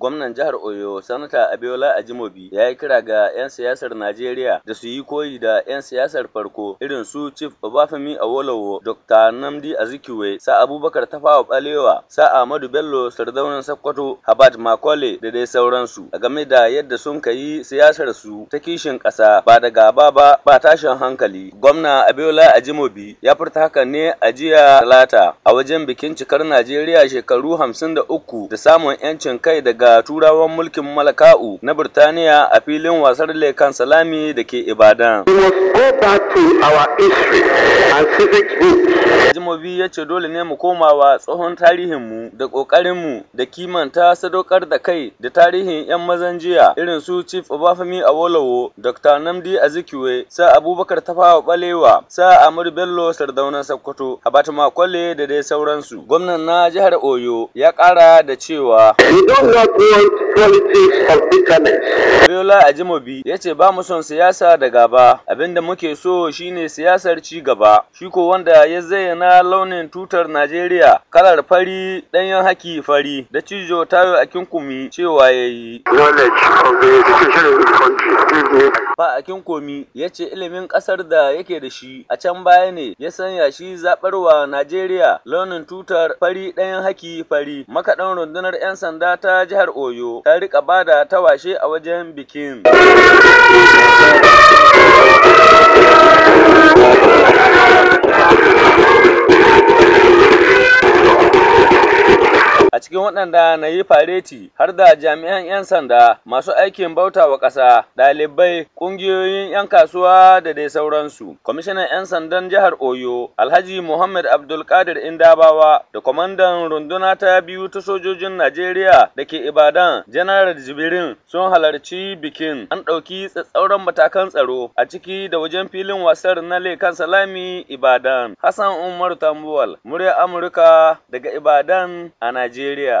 Gwamnan jihar Oyo, Sanata Abiola Ajimobi, ya yi kira ga 'yan siyasar Najeriya da su yi koyi da 'yan siyasar farko irin su Chief Obafemi Awolowo, Dr. Namdi Azikiwe, Sa Abubakar Tafawa Balewa, Sa Ahmadu Bello Sardaunan Sakkwato, Habad Makole da dai sauransu. A game da yadda sun yi siyasar su ta kishin ƙasa ba da gaba ba ba tashin hankali. Gwamna Abiola Ajimobi ya furta haka ne a jiya Talata a wajen bikin cikar Najeriya shekaru hamsin da uku da samun 'yancin kai daga da turawan mulkin malaka'u na Birtaniya a filin wasar Lekan Salami da ke Ibadan. Jimobi ya ce dole ne mu komawa tsohon tarihinmu da ƙoƙarinmu da kimanta sadaukar da kai da tarihin 'yan mazan jiya irin su Chief Obafemi Awolowo, Dr. Namdi Azikiwe, sa Abubakar Tafawa Balewa, sa Amur Bello Sardaunan Sokoto, Habatu Makwale da dai sauransu. Gwamnan na jihar Oyo ya ƙara da cewa. Biola a bitterness. Abiola Ajimobi ya ce ba mu son siyasa da gaba, abinda muke so shine siyasar ci gaba. Shi ko wanda ya zayyana launin tutar Najeriya, kalar fari ɗanyen haki fari da cijo tayo a kinkumi cewa ya yi. Ba a ya ce ilimin ƙasar da yake da shi a can baya ne ya sanya shi zaɓar wa Najeriya launin tutar fari ɗayan haki fari. Makaɗan rundunar 'yan sanda ta jihar jihar Oyo ta rika bada tawashe a wajen bikin. cikin waɗanda na yi fareti har da jami'an 'yan sanda masu aikin bauta wa ƙasa, ɗalibai, ƙungiyoyin 'yan kasuwa da dai sauransu. Kwamishinan 'yan sandan jihar Oyo, Alhaji Muhammad Abdulkadir Indabawa da kwamandan runduna ta biyu ta sojojin Najeriya da ke Ibadan, Janaral Jibirin sun halarci bikin. An ɗauki tsatsauran matakan tsaro a ciki da wajen filin wasar na Lekan Salami Ibadan. Hassan Umar Tambuwal, murya Amurka daga Ibadan a Najeriya. idea.